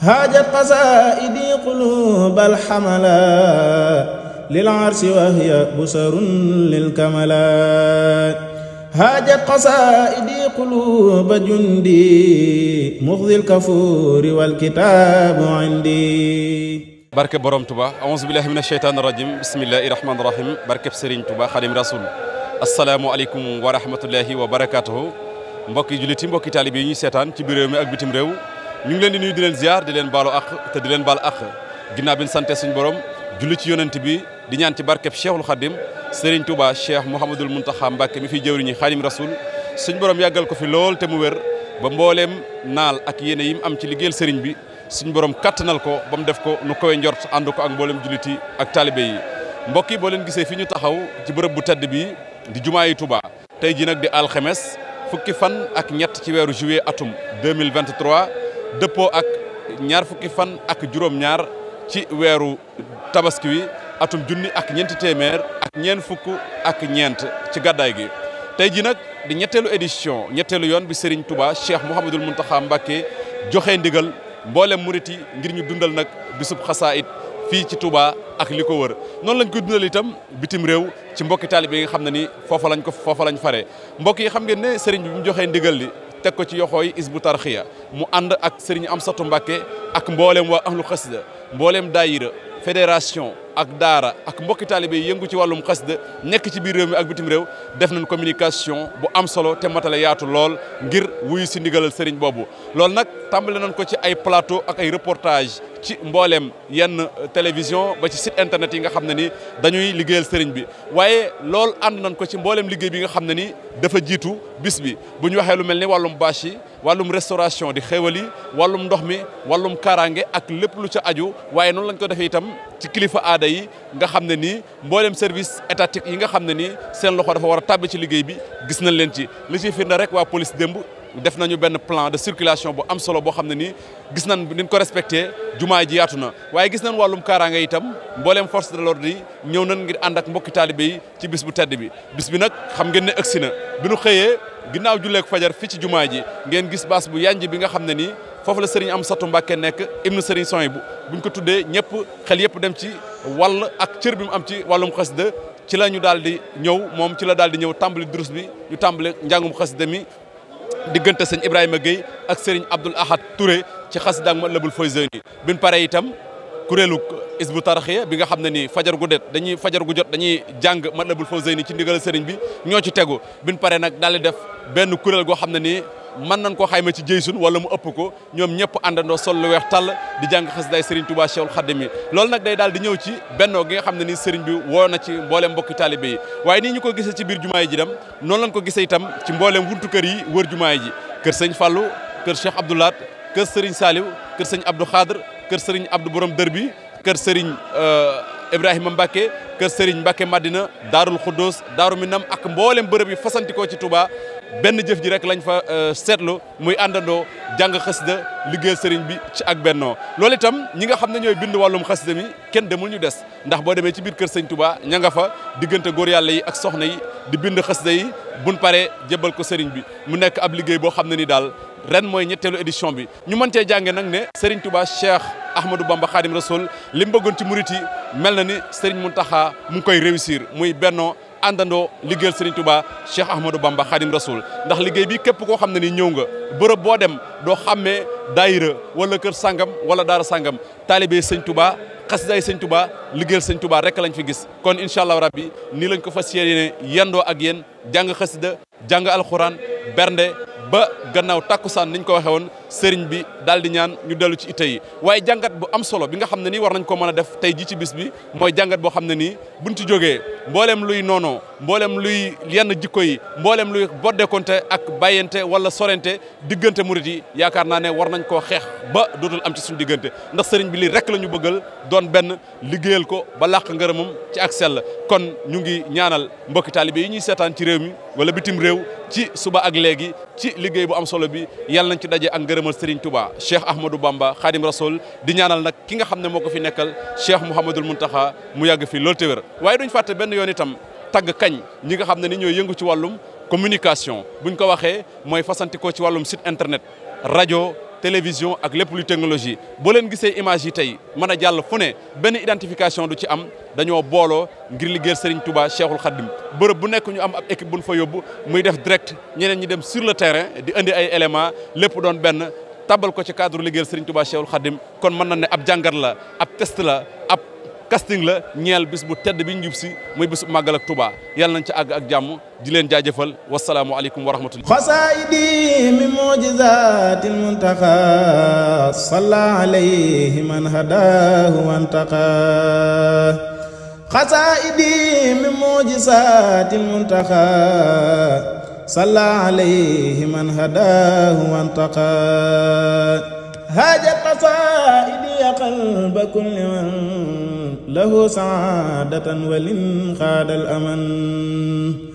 haajat qasaa'idi quluubal xamalaa lil arsi wa hiya busarun lil kamalaat haajat qasaa'idi quluuba jundi muxdil kafuuri wal kitaabu indi barke borom Touba auzu billaahi mina sheytaani rajiim bismillaahi rahmaani rahiim barkeb Serigne Touba Xaadimu Rasuul asalaamu aleykum wa rahmatullaahi wa barakaatuhu mbokki jullit yi mbokki taalib yi ñuy seetaan ci biir réew mi ak bitim réew ñu ngi leen di nuyu di leen ziar di leen baalu ak te di leen baal àq ginnaaw bi ñu sante suñu borom julli ci yonent bi di ñaan ci barkeb Cheikhul Khadim Serigne Touba Cheikh Mouhamadoul Mountakha Mbacké mi fi jëwriñi Khadim Rasoul suñ borom yàggal ko fi lool te mu wér ba mbooleem naal ak yéene yi mu am ci liggéeyal Serigne bi suñu borom kattanal ko ba mu def ko nu kowe njort ànd ko ak mbooleem julliti ak taalibe yi mbokk yi boo leen gisee fi ñu taxaw ci bërëb bu tedd bi di jumaa yi Touba tey ji nag di alxemes fukki fan ak ñett ci weeru juillet atum 2023 dëppoo ak ñaar fukki fan ak juróom-ñaar ci weeru tabaski wi atum junni ak ñeenti téeméer ak ñeent fukk ak ñeent ci gàddaay gi. tey ji nag di ñetteelu édition ñetteelu yoon bi Serigne Touba Cheikh Mouhamadul Mountakha Mbacké joxe ndigal mboolem murit yi ngir ñu dundal nag bisub it fii ci Touba ak li ko wër noonu lañ koy dundal itam bitim réew ci mbokki taalibe yi nga xam ne ni foofa lañ ko foofa lañ fare mbokk yi xam ngeen ne Serigne bi ñu joxe ndigal li. teg ko ci yoxooy isbu tarxiya mu ànd ak sëriñ satu Mbàkke ak mbooleem waa ahlu xasida mbooleem daayira fédération ak daara ak mbokki taalibe yi yëngu ci wàllum xasida nekk ci biir réew mi ak bitim réew def nañ communication bu am solo te matale yaatu lool ngir wuyu si ndigalal sëriñ boobu. loolu nag tàmbale nañ ko ci ay plateau ak ay reportage ci mbooleem yenn télévision ba ci site internet yi nga xam ne ni dañuy liggéeyal sëriñ bi waaye loolu ànd nañ ko ci mbooleem liggéey bi nga xam ne ni dafa jiitu bis bi bu ñu waxee lu mel ni wàllum bâche yi wàllum restauration di xéewal yi wàllum ndox mi wàllum kaaraange lépp lu ci kilifa day nga xam ne ni mboolem service étatique yi nga xam ne ni seen loxo dafa war a tàbbi ci liggéey bi gis nañ leen ci li ci firnde rek waa police démb def nañu benn plan de circulation bu am solo boo xam ne nii gis nañ ni ñu ko respecte jumaa ji yaatu na waaye gis nañ wàllum kaaraanga itam mbooleem force de l'ordre yi ñëw nañ ngir ànd ak mbokki taalibe yi ci bis bu tedd bi bis bi nag xam ngeen ne ëgsi na bi nu xëyee ginnaaw julleek fajar fii ci jumaa ji ngeen gis baas bu yanj bi nga xam ne nii foofu la am satu Mbacké nekk ibnu Serigne Soy bu buñ ko tuddee ñëpp xel yëpp dem ci wal ak cër bi mu am ci wàllum xasida ci la ñu daal di ñëw moom ci la daal di ñëw tàmbali durus bi ñu tàmbali njàngum xasida mi diggante sëñ Ibrahima Gueye ak sëriñ Abdoul Ahad Touré ci xasida ma lëbul foy zeni bin pare itam kuréelu isbu taraxiya bi nga xam ne ni fajar gu det dañuy fajar gu jot dañuy jàng ma lëbul foy zeni ci ndigal seriñ bi ñoo ci tegu bin pare nag daal di def benn kuréel goo xam ne nii mën nañ koo xayma ci jëysun wala mu ëpp ko ñoom ñëpp àndandoo sol lu weex tàll di jàng xasidaay Serigne Touba Cheikhul Khadim yi loolu nag day daal di ñëw ci bennoo gi nga xam ne ni Serigne bi woo na ci mbooleem mbokki taalibé yi waaye ni ñu ko gisee ci biir jumaa yi ji dem noonu lañ ko gisee itam ci mbooleem wuntu kër yi wër jumaa ji kër sëñ Fallou kër Cheikh Abdoulaat kër Serigne Saliou kër sëñ Abdou Khadr kër Serigne Abdou Borom Dër bi kër Serigne euh, Ibrahima mbake kër Serigne Mbacke Madina Daarul Xuddoos Daaru nam ak mboolem bërëb yi fasantikoo ci tubaa benn jëf ji rek lañ fa euh, seetlu muy àndandoo jàng xasida liggéey Serigne bi ci ak bennoo loolu itam ñi nga xam ne ñooy bind wàllum xasida mi kenn demul ñu des ndax boo demee ci biir kër Serigne tubaa ña nga fa diggante góor yàlla yi ak soxna yi di bind xasida yi buñ paree jébbal ko sëriñ bi mu nekk ab liggéey boo xam ne ni daal ren mooy ñetteelu édition bi ñu mën cee jànge nag ne Serigne Touba Cheikh Ahmadou Bamba Khadim Rasoul li mu bëggoon mel na ni Serigne Mountakha Touba mu ngi koy réussir muy bennoo àndandoo liggéeyal Serigne Touba Cheikh Ahmadou Bamba Khadim Rasoul ndax liggéey bi képp koo xam ne ni ñëw nga bërëb boo dem doo xàmmee daayira wala kër sangam wala daara sangam taalibé Serigne Touba xasidaay sañ Touba liggéeyal sañ Touba rek lañ fi gis kon incha allah rabbi nii lañ ko fas yéene yendoo ak yéen jàng xasida jàng alxuraan bernde ba gannaaw takkusaan niñ ko waxee woon sëriñ bi daal di ñaan ñu dellu ci ite yi waaye jàngat bu am solo bi nga xam ne nii war nañ ko mën a def tey ji ci bis bi mooy jàngat boo xam ne nii buñ ci jógee mbooleem luy noonoo mbooleem luy yenn jikko yi mbooleem luy boddekonte ak bàyyente wala sorente diggante murit yi yaakaar naa ne war nañ koo xeex ba dootul am ci suñu diggante ndax sëriñ bi lii rek la ñu bëggal doon benn liggéeyal ko ba làq ngërëmam ci ak sell kon ñu ngi ñaanal mbokki taalibe yi ñuy seetaan ci réew mi wala bitim réew ci suba ak léegi ci liggéey bu am solo bi yàlla nañ ci daje ak ngërëmal Serigne Touba Cheikh Ahmadou Bamba Khadim Rasoul di ñaanal na ki nga xam ne moo ko fi nekkal Cheikh Mouhamadul Mountakha mu yàgg fi loolu te wér waaye duñ fàtte benn yoon itam tagg kañ ñi nga xam ne ni ñoo yëngu ci wàllum communication buñ ko waxee mooy fasantikoo ci wàllum site internet rajo télévision ak lépp lu technologie boo leen gisee image yi tey mën a jàll fu ne benn identification du ci am dañoo booloo ngir liggéeyal Serigne Touba Cheikhul Khadim bërëb bu nekk ñu am ab équipe bu ñu fa yóbbu muy def direct ñeneen ñi dem sur le terrain di indi ay éléments lépp doon benn tabal ko ci cadre liggéeyal Serigne Touba Cheikhul Khadim kon mën na ne ab jàngat la ab test la casting la ñeel bis bu tedd bi ñu jub si muy bis bu màggal ak Touba yàlla nañ ci àgg ak jàmm di leen jaajëfal wasalaamu aleykum wa rahmatullah xasaayidi mi mujizatil muntaqa salla alayhi man hadahu wantaqa xasaayidi mi mujizatil muntaqa salla alayhi man hadahu wantaqa haja qasaidi قلب كل من له سعادة ولن خاد الأمن